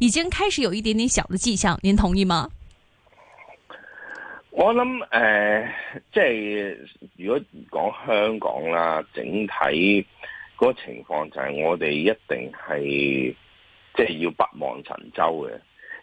已經開始有一點點小嘅跡象，您同意嗎？我諗誒、呃，即係如果講香港啦，整體嗰個情況就係我哋一定係即係要北望神州嘅，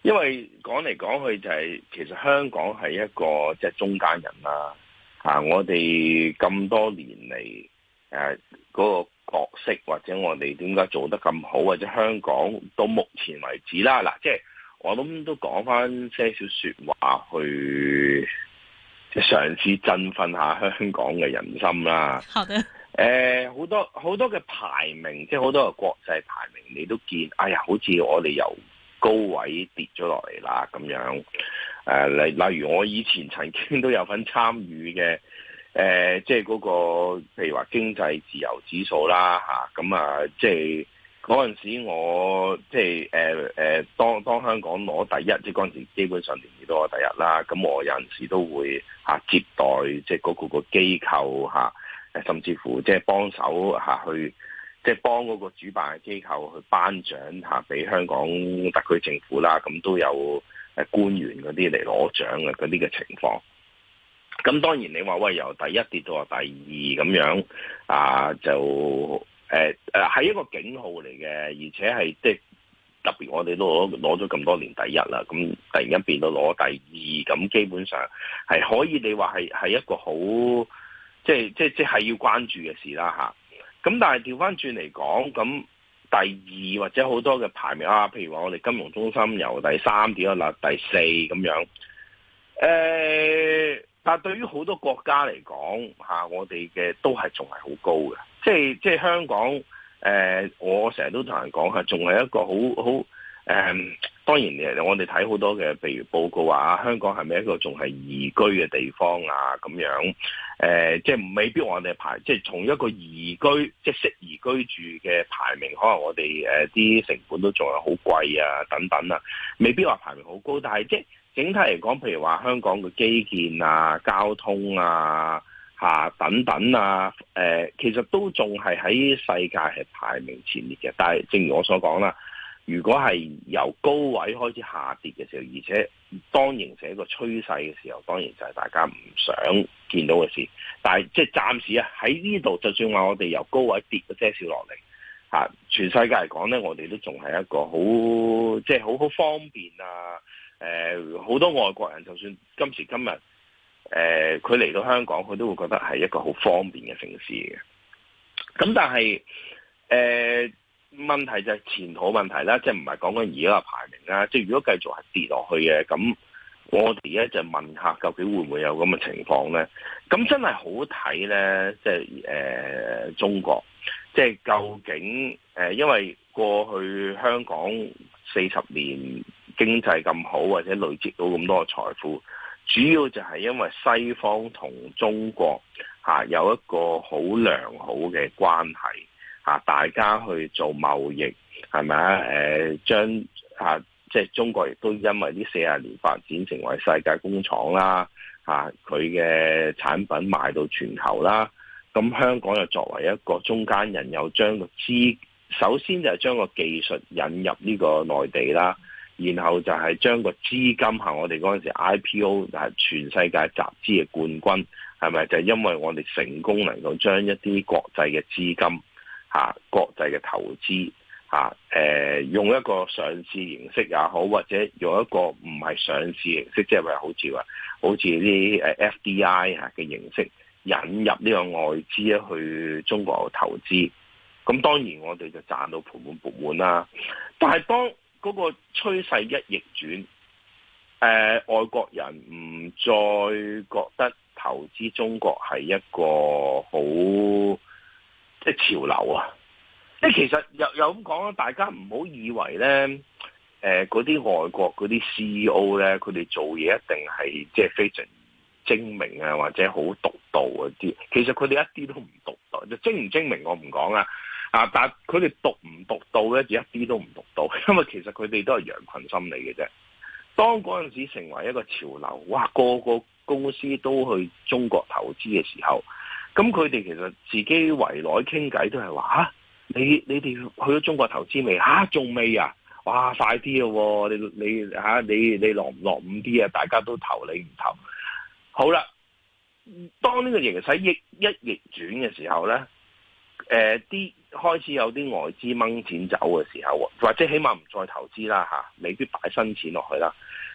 因為講嚟講去就係、是、其實香港係一個即係中間人啦，吓、啊、我哋咁多年嚟誒嗰個。角色，或者我哋點解做得咁好，或者香港到目前為止啦，嗱，即係我諗都講翻些少說話去，即係嘗試振奮下香港嘅人心啦。好的。呃，好多好多嘅排名，即係好多嘅國際排名，你都見，哎呀，好似我哋由高位跌咗落嚟啦咁樣。誒、呃，例例如我以前曾經都有份參與嘅。誒、呃，即係、那、嗰個，譬如話經濟自由指數啦，嚇、啊，咁啊，即係嗰陣時候我，即係誒、呃呃、當，當香港攞第一，即係嗰陣時基本上年年都攞第一啦。咁、啊、我有陣時都會、啊、接待，即係嗰個個機構、啊、甚至乎即係幫手嚇、啊、去，即、就、係、是、幫嗰個主辦嘅機構去頒獎嚇俾、啊、香港特區政府啦。咁、啊、都有官員嗰啲嚟攞獎嘅嗰啲嘅情況。咁當然你話喂，由第一跌到第二咁樣啊，就誒係、呃、一個警號嚟嘅，而且係即係特別我哋都攞攞咗咁多年第一啦，咁突然間變到攞第二，咁基本上係可以你話係係一個好即係即即係要關注嘅事啦吓。咁但係調返轉嚟講，咁第二或者好多嘅排名啊，譬如話我哋金融中心由第三跌咗落第四咁樣誒。呃但係對於好多國家嚟講嚇，我哋嘅都係仲係好高嘅，即係即係香港誒、呃，我成日都同人講係仲係一個好好誒，當然其實我哋睇好多嘅，譬如報告話香港係咪一個仲係宜居嘅地方啊，咁樣誒、呃，即係未必話我哋排，即係從一個宜居即係適宜居住嘅排名，可能我哋誒啲成本都仲係好貴啊，等等啊，未必話排名好高，但係即係。整體嚟講，譬如話香港嘅基建啊、交通啊、啊等等啊，呃、其實都仲係喺世界係排名前列嘅。但係正如我所講啦，如果係由高位開始下跌嘅時候，而且當形成一個趨勢嘅時候，當然就係大家唔想見到嘅事。但係即係暫時啊，喺呢度就算話我哋由高位跌個些少落嚟，吓全世界嚟講咧，我哋都仲係一個好即係好好方便啊！誒好多外國人，就算今時今日，誒佢嚟到香港，佢都會覺得係一個好方便嘅城市嘅。咁但係誒問題就係前途問題啦，即係唔係講緊而家嘅排名啦。即係如果繼續係跌落去嘅，咁我哋呢就問下，究竟會唔會有咁嘅情況咧？咁真係好睇咧，即係誒中國，即係究竟誒，因為過去香港四十年。經濟咁好或者累積到咁多財富，主要就係因為西方同中國，啊、有一個好良好嘅關係，啊、大家去做貿易係咪、呃、啊？將即係中國亦都因為呢四十年發展成為世界工廠啦，佢嘅產品賣到全球啦，咁、啊、香港又作為一個中間人，又將個資首先就係將個技術引入呢個內地啦。然後就係將個資金，我哋嗰陣時 IPO 係全世界集資嘅冠軍，係咪？就係因為我哋成功能夠將一啲國際嘅資金吓，國際嘅投資吓，誒，用一個上市形式也好，或者用一個唔係上市形式，即係話好似話，好似啲 FDI 吓嘅形式引入呢個外資去中國投資，咁當然我哋就賺到盆滿缽滿啦。但係當嗰個趨勢一逆轉，誒、呃、外國人唔再覺得投資中國係一個好即係潮流啊！即係其實又又咁講啦，大家唔好以為咧，誒嗰啲外國嗰啲 CEO 咧，佢哋做嘢一定係即係非常精明啊，或者好獨到嗰啲。其實佢哋一啲都唔獨到，精唔精明我唔講啊。啊！但係佢哋讀唔讀到咧，就一啲都唔讀到，因為其實佢哋都係羊群心理嘅啫。當嗰陣時成為一個潮流，哇！個個公司都去中國投資嘅時候，咁佢哋其實自己圍內傾偈都係話：吓、啊、你你哋去咗中國投資未？吓、啊、仲未啊！哇，快啲咯，啊！你你吓、啊、你你落唔落伍啲啊？大家都投你唔投。好啦，當呢個形勢一一逆轉嘅時候咧。誒、啲、呃、開始有啲外資掹錢走嘅時候，或者起碼唔再投資啦嚇，未必、啊、擺新錢落去啦。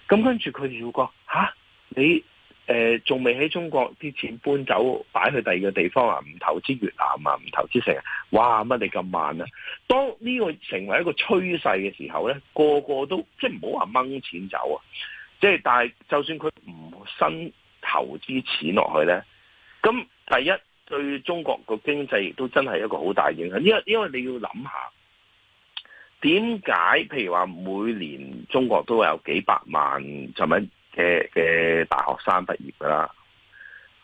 咁跟住佢哋話：嚇、啊，你誒仲未喺中國啲錢搬走，擺去第二個地方啊？唔投資越南啊？唔投資成？哇！乜你咁慢啊？當呢個成為一個趨勢嘅時候咧，個個都即係唔好話掹錢走啊！即係但係，就，是、就算佢唔新投資錢落去咧，咁第一。對中國個經濟亦都真係一個好大影響，因為，因因為你要諗下，點解譬如話每年中國都有幾百萬，係咪嘅嘅大學生畢業噶啦？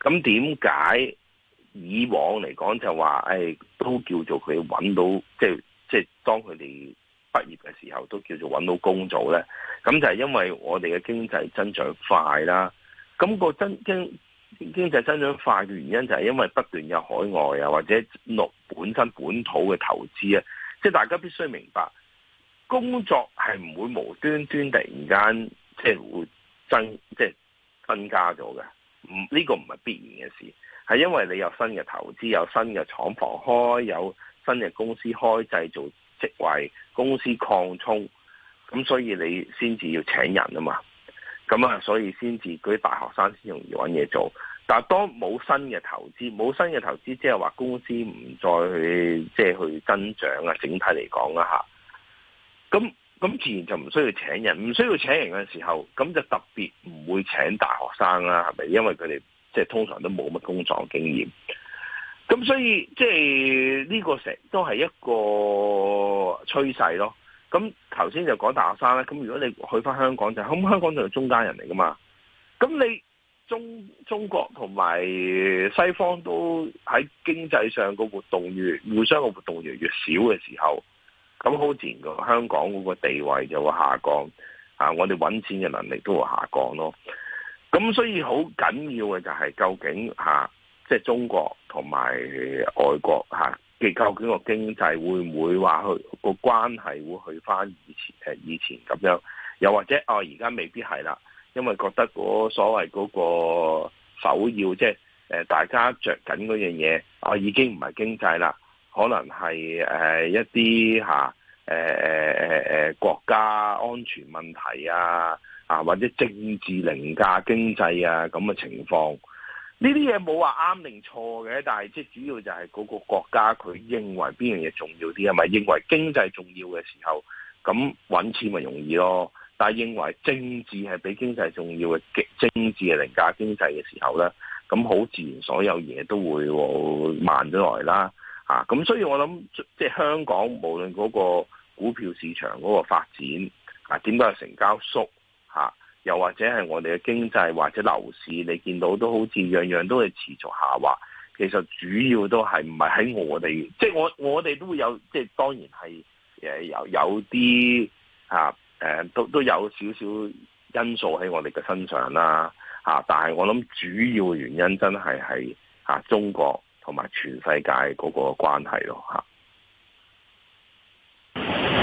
咁點解以往嚟講就話，誒、哎，都叫做佢搵到，即係即係當佢哋畢業嘅時候，都叫做搵到工作咧？咁就係因為我哋嘅經濟增長快啦，咁、那個增經。經濟增長快嘅原因就係因為不斷有海外啊或者內本身本土嘅投資啊，即係大家必須明白，工作係唔會無端端突然間即係會增即係增加咗嘅，唔呢個唔係必然嘅事，係因為你有新嘅投資，有新嘅廠房開，有新嘅公司開製造職位，公司擴充，咁所以你先至要請人啊嘛。咁啊，所以先至嗰啲大學生先容易揾嘢做。但係當冇新嘅投資，冇新嘅投資，即係話公司唔再去，即係去增長啊，整體嚟講啊，吓，咁咁自然就唔需要請人，唔需要請人嘅時候，咁就特別唔會請大學生啦，係咪？因為佢哋即係通常都冇乜工作經驗。咁所以即係呢個成都係一個趨勢咯。咁頭先就講大學生啦。咁如果你去翻香，香港就，咁香港就係中間人嚟噶嘛。咁你中中國同埋西方都喺經濟上個活動越互相個活動越越少嘅時候，咁好自然個香港嗰個地位就會下降啊！我哋揾錢嘅能力都會下降咯。咁所以好緊要嘅就係究竟即係、啊即係、中國同埋外國、啊究竟個經濟會唔會話去個關係會去返以前、呃、以前咁樣？又或者哦，而家未必係啦，因為覺得所謂嗰個首要即係、誒、大家着緊嗰樣嘢啊，已經唔係經濟啦，可能係、呃、一啲嚇誒國家安全問題啊啊，或者政治凌駕經濟啊咁嘅情況。呢啲嘢冇話啱定錯嘅，但係即係主要就係嗰個國家佢認為邊樣嘢重要啲係咪？認為經濟重要嘅時候，咁搵錢咪容易咯。但係認為政治係比經濟重要嘅，極政治係凌駕經濟嘅時候咧，咁好自然所有嘢都會慢咗來啦。啊，咁所以我諗即係香港無論嗰個股票市場嗰個發展，啊，點都係成交縮吓。啊又或者係我哋嘅經濟或者樓市，你見到都好似樣樣都係持續下滑。其實主要都係唔係喺我哋，即係我我哋都會有，即係當然係誒，有有啲啊，誒都都有少少因素喺我哋嘅身上啦嚇、啊，但係我諗主要原因真係係啊中國同埋全世界嗰個關係咯嚇。啊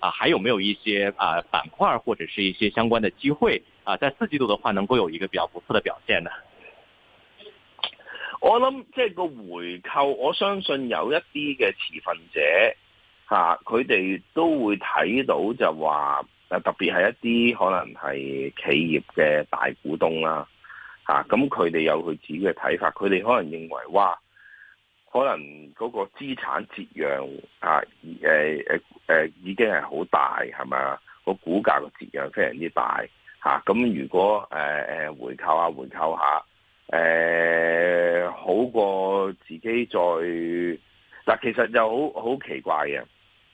啊，還有沒有一些啊板塊或者是一些相關的機會啊？在四季度的話，能夠有一個比較不錯的表現呢？ 我諗即係個回購，我相信有一啲嘅持份者，吓佢哋都會睇到就話，誒特別係一啲可能係企業嘅大股東啦，啊，吓咁佢哋有佢自己嘅睇法，佢哋可能認為哇。可能嗰個資產折讓啊，誒誒誒，已經係好大係咪？個股價嘅折讓非常之大嚇。咁、啊、如果誒誒、啊、回購下回購下，誒、啊、好過自己再。但、啊、其實就好好奇怪嘅，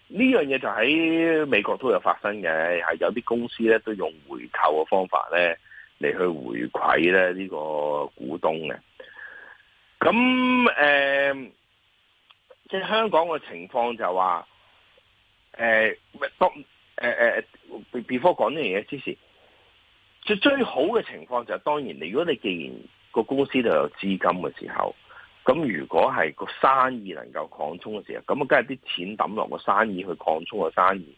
呢樣嘢就喺美國都有發生嘅，係有啲公司咧都用回購嘅方法咧嚟去回饋咧呢個股東嘅。咁誒、呃，即係香港嘅情況就話、是，誒、呃、當誒誒，before 講呢樣嘢之前，最最好嘅情況就係、是、當然你，如果你既然個公司都有資金嘅時候，咁如果係個生意能夠擴充嘅時候，咁啊，梗係啲錢抌落個生意去擴充個生意，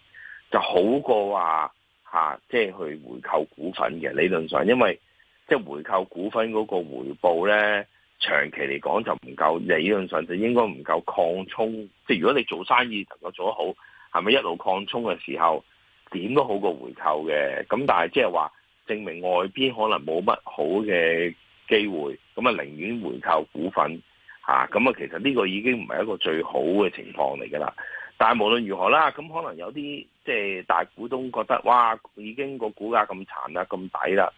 就好過話、啊、嚇、啊，即係去回購股份嘅，理論上，因為即係回購股份嗰個回報咧。長期嚟講就唔夠理論上就應該唔夠擴充，即係如果你做生意能夠做得好，係咪一路擴充嘅時候，點都好過回購嘅？咁但係即係話證明外邊可能冇乜好嘅機會，咁啊寧願回購股份嚇，咁啊其實呢個已經唔係一個最好嘅情況嚟㗎啦。但係無論如何啦，咁可能有啲即係大股東覺得哇，已經個股價咁殘啦，咁抵啦，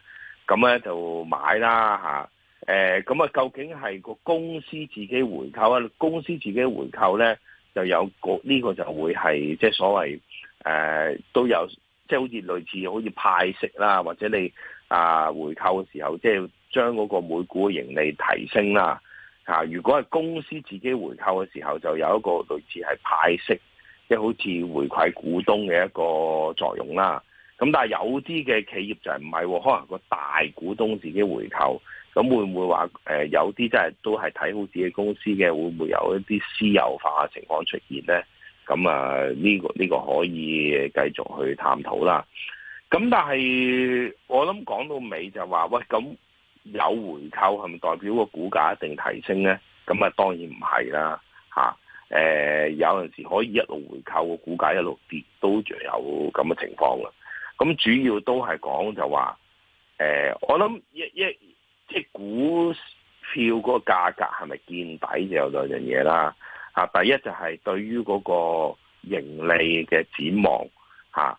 咁咧就買啦嚇。誒咁啊，究竟係個公司自己回購啊？公司自己回購咧，就有個呢個就會係即係所謂誒、呃、都有，即係好似類似好似派息啦，或者你啊回購嘅時候，即係將嗰個每股盈利提升啦嚇、啊。如果係公司自己回購嘅時候，就有一個類似係派息，即係好似回饋股東嘅一個作用啦。咁、嗯、但係有啲嘅企業就係唔係，可能個大股東自己回購。咁會唔會話誒有啲真係都係睇好自己公司嘅，會唔會有一啲私有化嘅情況出現咧？咁啊、呢個，呢個呢個可以繼續去探討啦。咁但係我諗講到尾就話，喂，咁有回購係咪代表個股價一定提升咧？咁啊，當然唔係啦，嚇有陣時可以一路回購個股價一路跌，都仲有咁嘅情況啦。咁主要都係講就話誒、欸，我諗一一。一即係股票嗰個價格係咪見底就有兩樣嘢啦，嚇第一就係對於嗰個盈利嘅展望嚇，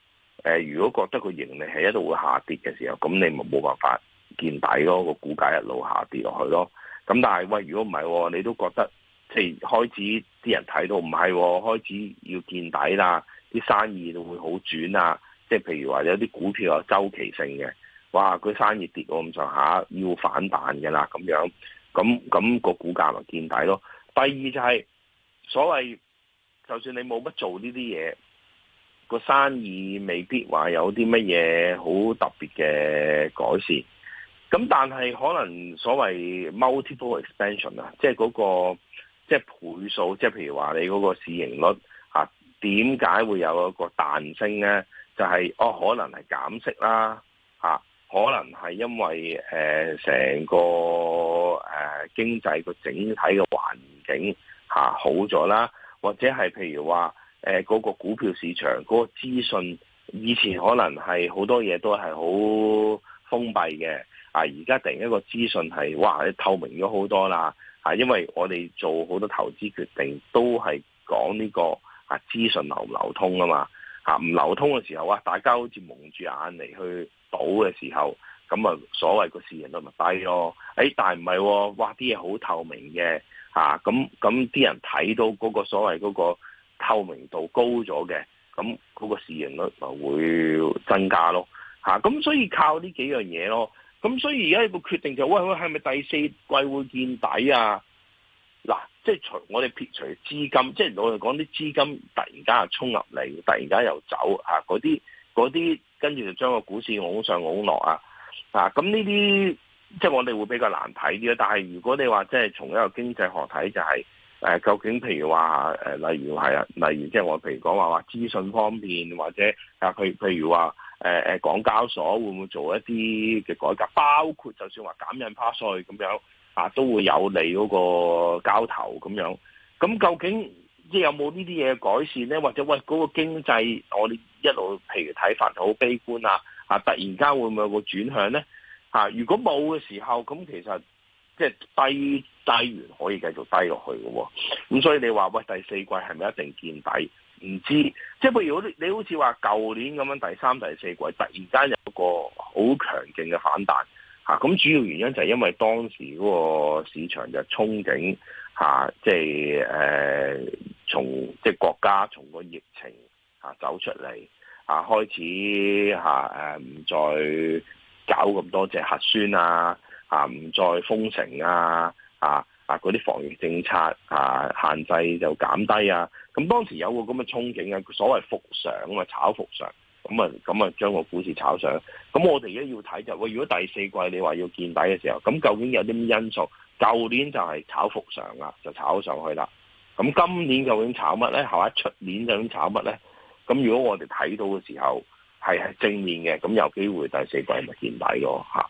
誒如果覺得佢盈利係一路會下跌嘅時候，咁你咪冇辦法見底咯？個股價一路下跌落去咯。咁但係喂，如果唔係喎，你都覺得即係開始啲人睇到唔係、哦、開始要見底啦，啲生意都會好轉啊！即係譬如話有啲股票有周期性嘅。哇！佢生意跌咁上下，要反彈㗎啦，咁樣咁咁個股價咪見底咯。第二就係、是、所謂，就算你冇乜做呢啲嘢，個生意未必話有啲乜嘢好特別嘅改善。咁但係可能所謂 multiple expansion 啊、那個，即係嗰個即係倍數，即、就、係、是、譬如話你嗰個市盈率點解、啊、會有一個彈升咧？就係、是、哦、啊，可能係減息啦，啊可能係因為誒成個誒經濟個整體嘅環境嚇好咗啦，或者係譬如話誒嗰個股票市場嗰個資訊，以前可能係好多嘢都係好封閉嘅啊，而家突然一個資訊係哇你透明咗好多啦啊，因為我哋做好多投資決定都係講呢個啊資訊流唔流通啊嘛。嚇唔、啊、流通嘅時候啊，大家好似矇住眼嚟去賭嘅時候，咁啊所謂個市盈率咪低咯。哎，但係唔係喎，哇啲嘢好透明嘅，咁咁啲人睇到嗰個所謂嗰個透明度高咗嘅，咁嗰個市盈率咪會增加咯。咁、啊、所以靠呢幾樣嘢咯。咁所以而家個決定就係、喂，係咪第四季會見底啊？嗱，即係除我哋撇除資金，即係我哋講啲資金突然間又衝入嚟，突然間又走啊，嗰啲嗰啲跟住就將個股市㧬上㧬落啊，啊咁呢啲即係我哋會比較難睇啲咯。但係如果你話即係從一個經濟學睇，就係誒究竟譬如話誒，例如係啊，例如即係我譬如講話話資訊方面，或者啊，佢譬如話誒誒港交所會唔會做一啲嘅改革，包括就算話減印花稅咁樣。啊，都會有利嗰個交投咁樣。咁究竟即係有冇呢啲嘢改善咧？或者喂嗰個經濟，我哋一路譬如睇法好悲觀啊！啊，突然間會唔會有個轉向咧？啊，如果冇嘅時候，咁其實即係低低完可以繼續低落去嘅喎。咁所以你話喂第四季係咪一定見底？唔知。即係譬如，你你好似話舊年咁樣第三、第四季突然間有一個好強勁嘅反彈。嚇！咁主要原因就係因為當時嗰個市場就憧憬嚇，即係誒從即係、就是、國家從個疫情嚇走出嚟，嚇開始嚇誒唔再搞咁多即係、就是、核酸啊，嚇唔再封城啊，啊啊嗰啲防疫政策嚇限制就減低啊！咁當時有個咁嘅憧憬啊，所謂復常啊，炒復常。咁啊，咁啊，將個股市炒上。咁我哋而家要睇就係，如果第四季你話要見底嘅時候，咁究竟有啲咩因素？舊年就係炒幅上啦，就炒上去啦。咁今年究竟炒乜咧？下一出年究竟炒乜咧？咁如果我哋睇到嘅時候係正面嘅，咁有機會第四季咪見底咯吓。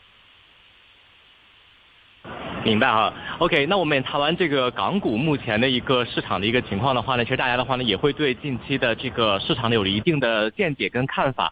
明白哈，OK，那我們也談完這個港股目前的一個市場的一個情況的話呢，其實大家的話呢，也會對近期的這個市場呢，有了一定的見解跟看法。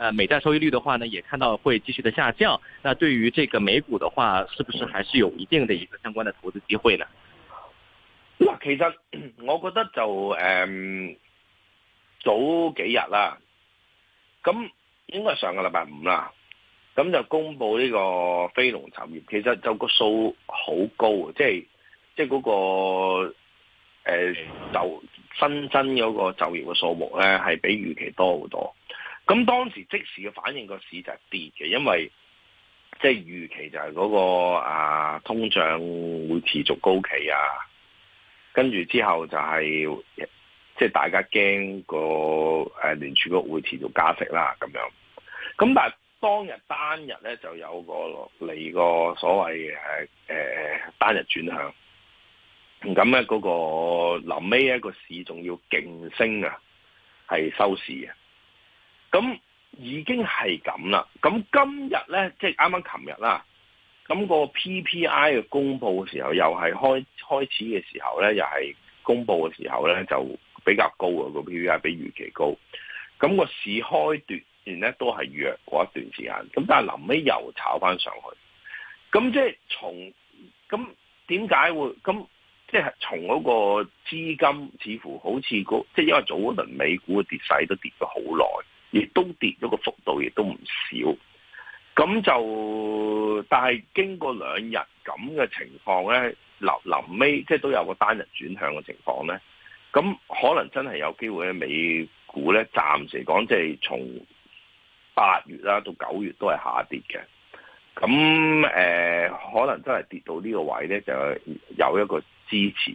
誒、啊，美債收益率的話呢，也看到會繼續的下降。那對於這個美股的話，是不是還是有一定的一個相關的投資機會呢？嗱，其實我覺得就誒、嗯、早幾日啦，咁應該上個禮拜五啦，咁就公布呢個非農就業，其實就個數好高，即係即係、嗰個誒、呃、就新增嗰個就業嘅數目咧，係比預期多好多。咁當時即時嘅反應，那個市就係跌嘅，因為即係預期就係嗰、那個啊通脹會持續高企啊，跟住之後就係、是、即係大家驚、那個誒聯儲局會持續加息啦咁樣。咁但係當日單日咧就有個嚟個所謂誒誒、呃、單日轉向，咁咧嗰個臨尾一個市仲要勁升啊，係收市啊！咁已經係咁啦。咁今日咧，即係啱啱琴日啦。咁個 PPI 嘅公佈嘅時候，又係開，開始嘅時候咧，又係公佈嘅時候咧，就比較高啊！個 PPI 比預期高。咁個市開段段咧都係弱過一段時間。咁但係臨尾又炒翻上去。咁即係從咁點解會咁？即係從嗰個資金，似乎好似個即係因為早嗰輪美股嘅跌勢都跌咗好耐。亦都跌咗個幅度，亦都唔少。咁就，但係經過兩日咁嘅情況咧，臨臨尾即係都有個單日轉向嘅情況咧。咁可能真係有機會咧，美股咧暫時講即係從八月啦到九月都係下跌嘅。咁誒、呃，可能真係跌到呢個位咧，就有一個支持。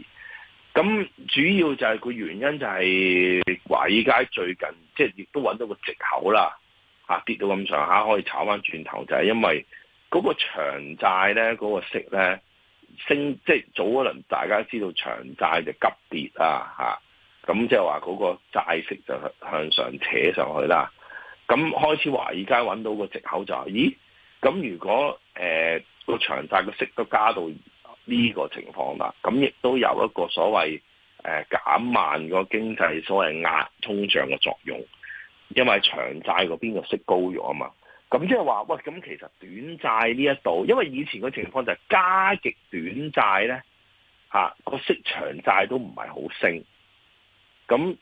咁主要就係個原因就係華爾街最近即係亦都搵到個藉口啦吓，跌到咁上下可以炒翻轉頭，就係、是、因為嗰個長債咧嗰個息咧升，即係早可能大家知道長債就急跌啦吓，咁即係話嗰個債息就向上扯上去啦。咁開始華爾街搵到個藉口就係，咦？咁如果誒、呃個長債個息都加到。呢個情況啦，咁亦都有一個所謂誒減慢個經濟所謂壓通脹嘅作用，因為長債嗰邊個息高咗啊嘛，咁即係話喂，咁其實短債呢一度，因為以前嘅情況就係加極短債咧，嚇、啊、個息長債都唔係好升，咁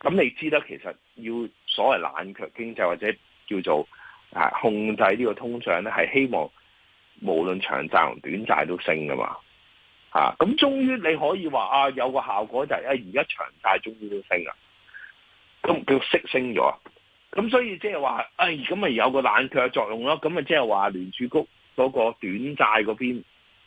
咁你知得，其實要所謂冷卻經濟或者叫做啊控制呢個通脹咧，係希望。無論長債同短債都升噶嘛，咁終於你可以話啊有個效果就係、是，誒而家長債終於都升啦啊，咁叫息升咗，咁所以即係話，誒咁咪有個冷卻作用咯，咁咪即係話聯儲局嗰個短債嗰邊，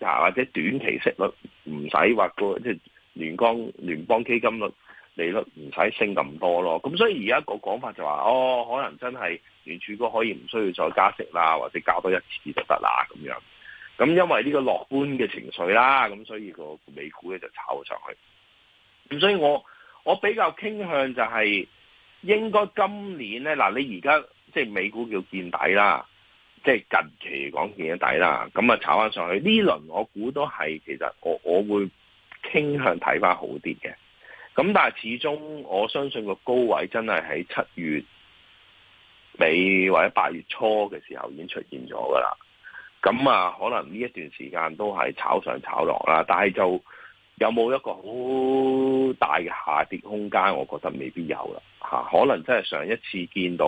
啊或者短期息率唔使或個即係聯邦聯邦基金率，利率唔使升咁多咯，咁所以而家個講法就話哦，可能真係聯儲局可以唔需要再加息啦，或者搞多一次就得啦咁樣。咁因為呢個樂觀嘅情緒啦，咁所以個美股咧就炒咗上去。咁所以我我比較傾向就係應該今年咧嗱，你而家即係美股叫見底啦，即係近期講見咗底啦。咁啊炒翻上去呢輪我估都係其實我我會傾向睇翻好啲嘅。咁但係始終，我相信個高位真係喺七月尾或者八月初嘅時候已經出現咗噶啦。咁啊，可能呢一段時間都係炒上炒落啦。但係就有冇一個好大嘅下跌空間，我覺得未必有啦。吓，可能真係上一次見到，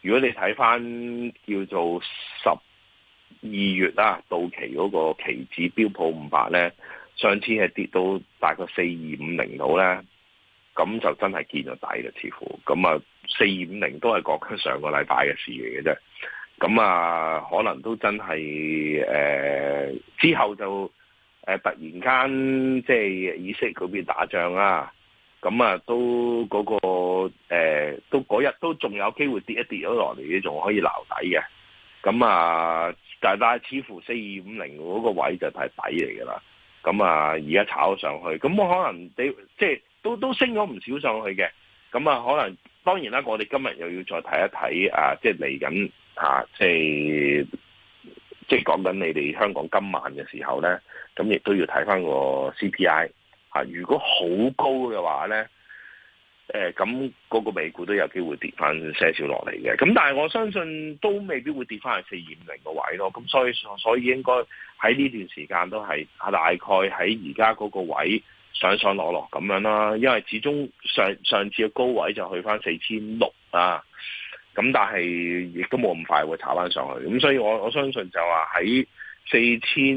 如果你睇返叫做十二月啦到期嗰個期指標普五百呢。上次係跌到大概四二五零度咧，咁就真係見咗底嘅，似乎咁啊，四二五零都係講緊上個禮拜嘅事嚟嘅啫。咁啊，可能都真係誒、呃、之後就誒、呃、突然間即係以色列嗰邊打仗啦，咁啊都嗰、嗰個、呃、都嗰日都仲有機會跌一跌咗落嚟，仲可以留底嘅。咁啊，但係似乎四二五零嗰個位就係底嚟㗎啦。咁啊，而家炒上去，咁可能你即係都都升咗唔少上去嘅，咁啊，可能當然啦，我哋今日又要再睇一睇啊，即係嚟緊吓，即係即係講緊你哋香港今晚嘅時候咧，咁亦都要睇翻個 CPI 吓，啊，如果好高嘅話咧。誒咁嗰個美股都有機會跌翻些少落嚟嘅，咁但係我相信都未必會跌翻去四二五零個位咯，咁所以所以應該喺呢段時間都係大概喺而家嗰個位上上落落咁樣啦，因為始終上上次嘅高位就去翻四千六啊，咁但係亦都冇咁快會炒翻上去，咁所以我我相信就話喺。四千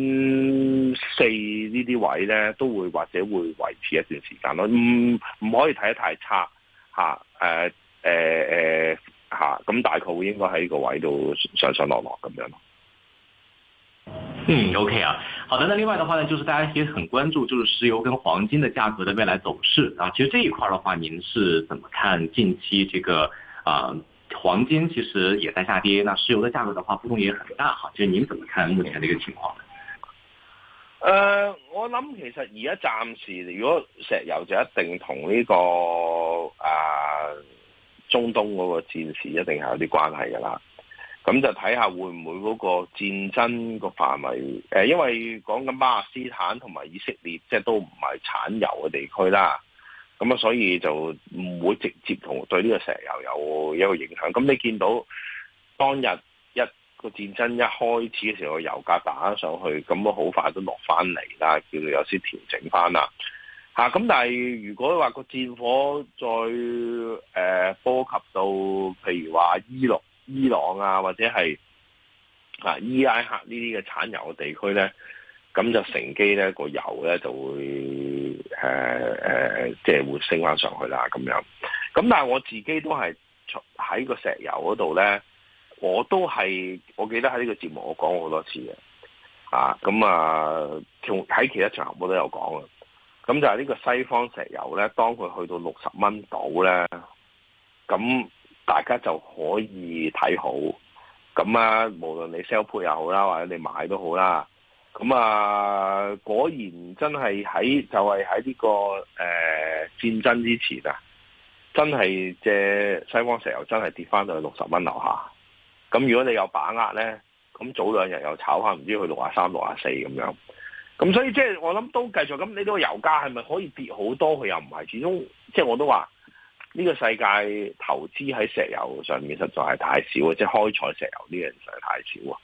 四呢啲位呢，都會或者會維持一段時間咯。唔唔可以睇得太差嚇，誒誒誒嚇，咁、啊啊啊啊嗯、大概會應該喺個位度上上落落咁樣。嗯，OK 啊，好的。那另外的話呢，就是大家其實很關注，就是石油跟黃金的價格的未來走勢。啊，其實這一塊的話，您是怎麼看近期這個啊？黃金其實也在下跌，那石油的價格的話波動也很大哈，其實你怎麼看目前呢一個情況？誒、呃，我諗其實而家暫時如果石油就一定同呢、這個誒、呃、中東嗰個戰事一定係有啲關係噶啦，咁就睇下會唔會嗰個戰爭個範圍誒，因為講緊巴勒斯坦同埋以色列即係、就是、都唔係產油嘅地區啦。咁啊，所以就唔會直接同對呢個石油有一個影響。咁你見到當日一個戰爭一開始嘅時候，油價打上去，咁都好快都落翻嚟啦，叫做有啲調整翻啦。嚇！咁但係如果話個戰火再誒、呃、波及到，譬如話伊朗、伊朗啊，或者係啊伊拉克呢啲嘅產油地區咧。咁就乘機咧，那個油咧就會即係、呃呃即係、會升翻上去啦，咁樣。咁但係我自己都係喺個石油嗰度咧，我都係，我記得喺呢個節目我講過好多次嘅。啊，咁啊，喺其他場合我都有講。咁就係呢個西方石油咧，當佢去到六十蚊度咧，咁大家就可以睇好。咁啊，無論你 sell 配又好啦，或者你買都好啦。咁啊，果然真係喺就係喺呢個誒戰爭之前啊，真係借西方石油真係跌翻到去六十蚊樓下。咁如果你有把握咧，咁早兩日又炒下，唔知去六廿三、六廿四咁樣。咁所以即係我諗都繼續咁，呢個油價係咪可以跌好多？佢又唔係，始終即係我都話呢個世界投資喺石油上面實在係太少啊，即係開採石油呢樣實在太少啊。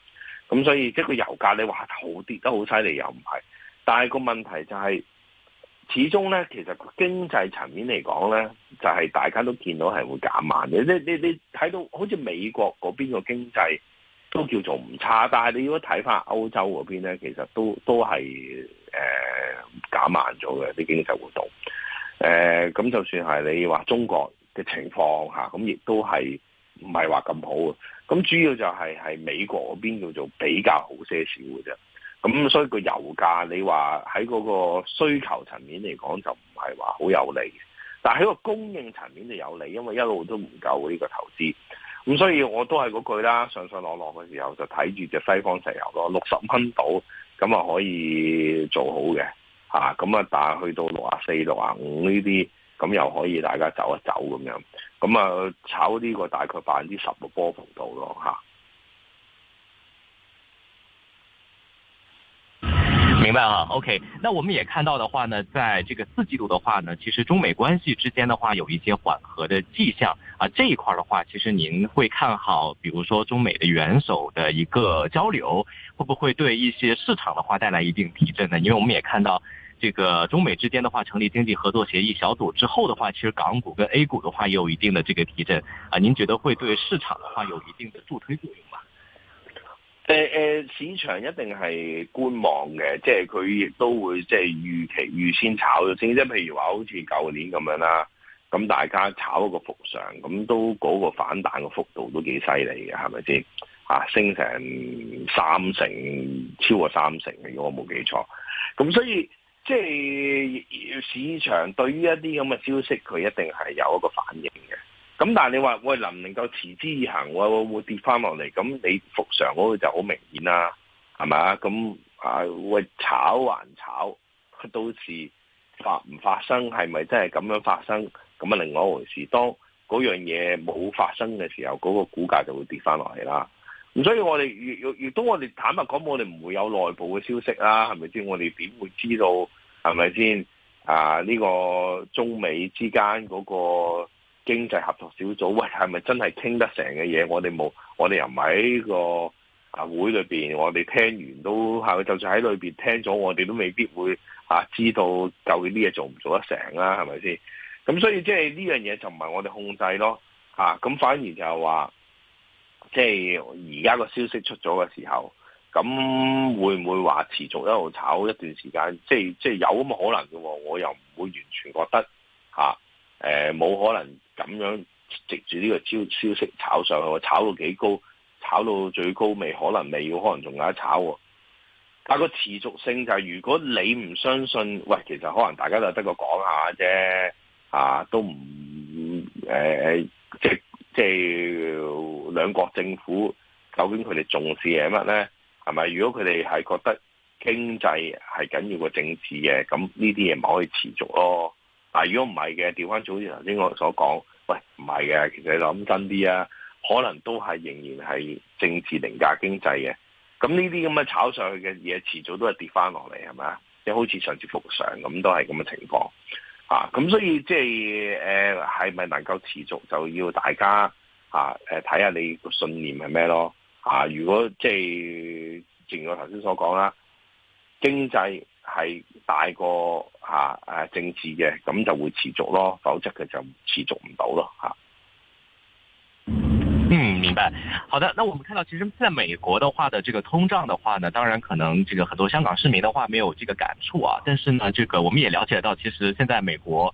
咁所以即係個油價你話好跌得好犀利又唔係，但係個問題就係、是、始終咧，其實經濟層面嚟講咧，就係、是、大家都見到係會減慢嘅。你你你睇到好似美國嗰邊個經濟都叫做唔差，但係你如果睇翻歐洲嗰邊咧，其實都都係誒減慢咗嘅啲經濟活動誒，咁、呃、就算係你話中國嘅情況吓，咁亦都係唔係話咁好啊？咁主要就係係美國嗰邊叫做比較好些少嘅啫，咁所以個油價你話喺嗰個需求層面嚟講就唔係話好有利，但係喺個供應層面就有利，因為一路都唔夠呢個投資，咁所以我都係嗰句啦，上上落落嘅時候就睇住隻西方石油咯，六十蚊到咁啊可以做好嘅嚇，咁啊但係去到六十四、六十五呢啲。咁、嗯、又可以大家走一走咁樣，咁、嗯、啊炒呢個大概百分之十嘅波幅度咯吓。啊、明白啊，OK。那我們也看到的話呢，在這個四季度的話呢，其實中美關係之間的話有一些緩和的跡象啊。這一塊的話，其實您會看好，比如說中美的元首的一個交流，會不會對一些市場的話帶來一定提振呢？因為我們也看到。這個中美之間的話成立經濟合作協議小組之後的話，其實港股跟 A 股的話也有一定的這個提振啊。您覺得會對市場的話有一定的助推作用嗎？誒誒、呃呃，市場一定係觀望嘅，即係佢亦都會即係預期預先炒咗先。即係譬如話好似舊年咁樣啦，咁大家炒一個幅上，咁都嗰個反彈嘅幅度都幾犀利嘅，係咪先？啊，升成三成，超過三成嘅，如果我冇記錯，咁所以。即係市場對於一啲咁嘅消息，佢一定係有一個反應嘅。咁但係你話喂，能唔能夠持之以恒？喂，會跌翻落嚟？咁你復常嗰個就好明顯啦，係咪啊？咁啊喂炒還炒，到時發唔發生係咪真係咁樣發生？咁啊另外一回事。當嗰樣嘢冇發生嘅時候，嗰、嗰個股價就會跌翻落嚟啦。所以我哋亦亦亦都我哋坦白講，我哋唔會有內部嘅消息啦、啊，係咪先？我哋點會知道係咪先？啊，呢、呢個中美之間嗰個經濟合作小組，喂，係咪真係傾得成嘅嘢？我哋冇，我哋又唔喺呢個啊會裏邊，我哋聽完都係就算喺裏邊聽咗，我哋都未必會啊知道究竟啲嘢做唔做得成啦、啊，係咪先？咁所以即係呢樣嘢就唔係我哋控制咯，嚇、啊！咁反而就係話。即係而家個消息出咗嘅時候，咁會唔會話持續一路炒一段時間？即係即係有咁嘅可能嘅，我又唔會完全覺得冇、啊呃、可能咁樣藉住呢個消消息炒上去，炒到幾高，炒到最高未？可能未，可能仲有得炒、啊。但個持續性就係，如果你唔相信，喂，其實可能大家就得個講下啫、啊，都唔、呃、即係。即係兩國政府究竟佢哋重視嘅係乜呢？係咪？如果佢哋係覺得經濟係緊要過政治嘅，咁呢啲嘢咪可以持續咯？但如果唔係嘅，調翻轉頭，頭先我所講，喂，唔係嘅，其實你諗真啲啊，可能都係仍然係政治凌駕經濟嘅。咁呢啲咁嘅炒上去嘅嘢，遲早都係跌翻落嚟，係咪啊？即好似上次復常咁，都係咁嘅情況。咁、啊、所以即係誒，係、呃、咪能夠持續就要大家吓誒，睇、啊、下你個信念係咩咯？啊，如果即係正如我頭先所講啦，經濟係大過吓誒、啊啊、政治嘅，咁就會持續咯，否則佢就持續唔到咯，吓、啊。明白，好的。那我們看到，其實在美國的話的這個通脹的話呢，當然可能這個很多香港市民的話沒有這個感觸啊。但是呢，這個我們也了解到，其實現在美國。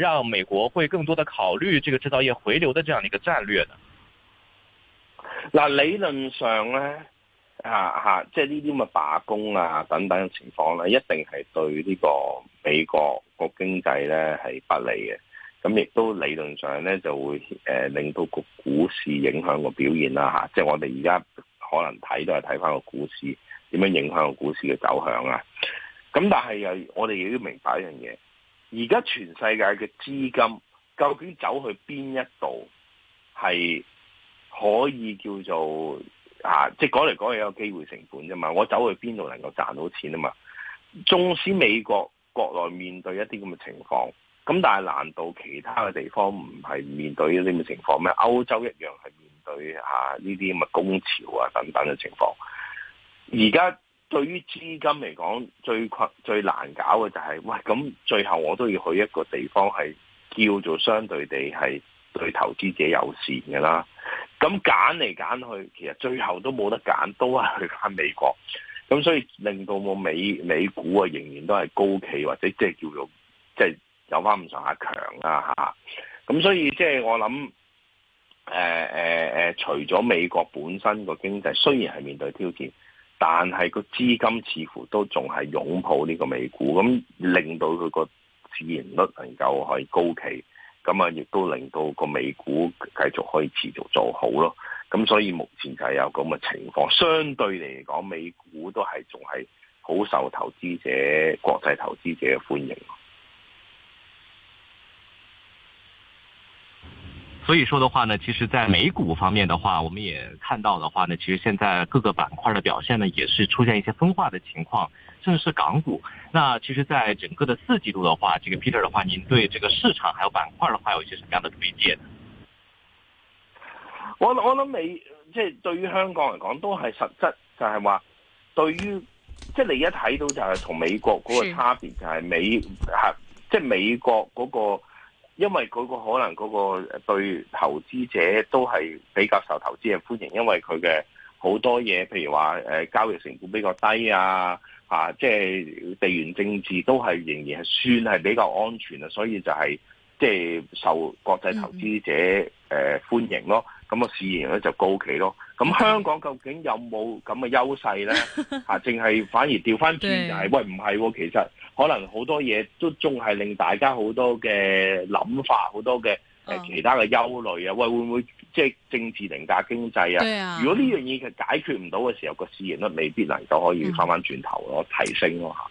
讓美國會更多的考慮這個製造業回流的這樣的一個戰略呢？嗱，理論上呢，啊吓，即係呢啲咁嘅罷工啊等等嘅情況咧，一定係對呢個美國個經濟呢係不利嘅。咁亦都理論上呢就會誒令到個股市影響個表現啦，吓，即係我哋而家可能睇都係睇翻個股市點樣影響個股市嘅走向啊。咁但係又我哋亦都明白一樣嘢。而家全世界嘅資金究竟走去邊一度係可以叫做啊，即係講嚟講去有機會成本啫嘛，我走去邊度能夠賺到錢啊嘛？縱使美國國內面對一啲咁嘅情況，咁但係難道其他嘅地方唔係面對呢啲咁嘅情況咩？歐洲一樣係面對啊呢啲咁嘅工潮啊等等嘅情況。而家。對於資金嚟講，最困最難搞嘅就係、是，喂，咁最後我都要去一個地方係叫做相對地係對投資者友善嘅啦。咁揀嚟揀去，其實最後都冇得揀，都係去翻美國。咁所以令到我美美股啊，仍然都係高企，或者即係叫做即係、就是、有翻咁上下強啦、啊、嚇。咁所以即係我諗，誒誒誒，除咗美國本身個經濟雖然係面對挑戰。但係個資金似乎都仲係擁抱呢個美股，咁令到佢個市盈率能夠可以高企，咁啊亦都令到個美股繼續可以持續做好咯。咁所以目前就係有咁嘅情況，相對嚟講，美股都係仲係好受投資者、國際投資者嘅歡迎。所以說的話呢，其實，在美股方面的話，我們也看到的話呢，其實現在各個板塊的表現呢，也是出現一些分化的情況，甚至是港股。那其實，在整個的四季度的話，這個 Peter 的話，您對這個市場還有板塊的話，有一些什麼樣的推薦呢？我我諗美，即係對於香港嚟講，都係實質就係、是、話，對於即係你一睇到就係同美國嗰個差別是就係美吓，即係美國嗰個。因為嗰個可能嗰個對投資者都係比較受投資人歡迎，因為佢嘅好多嘢，譬如話誒交易成本比較低啊，啊，即係地緣政治都係仍然係算係比較安全啊，所以就係即係受國際投資者誒歡迎咯。咁個市盈率就高企咯。咁香港究竟有冇咁嘅優勢咧？淨係、 啊、反而調翻轉，係對喂，唔係喎。其實可能好多嘢都仲係令大家好多嘅諗法，好多嘅、呃、其他嘅憂慮啊。喂，會唔會即政治凌駕經濟啊？啊，如果呢樣嘢其實解決唔到嘅時候，個市盈率未必能夠可以翻翻轉頭咯，提升咯嚇。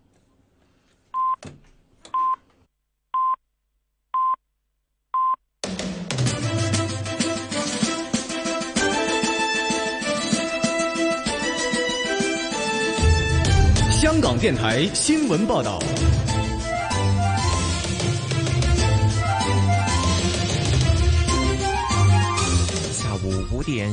香港電台新聞報道。下午五點。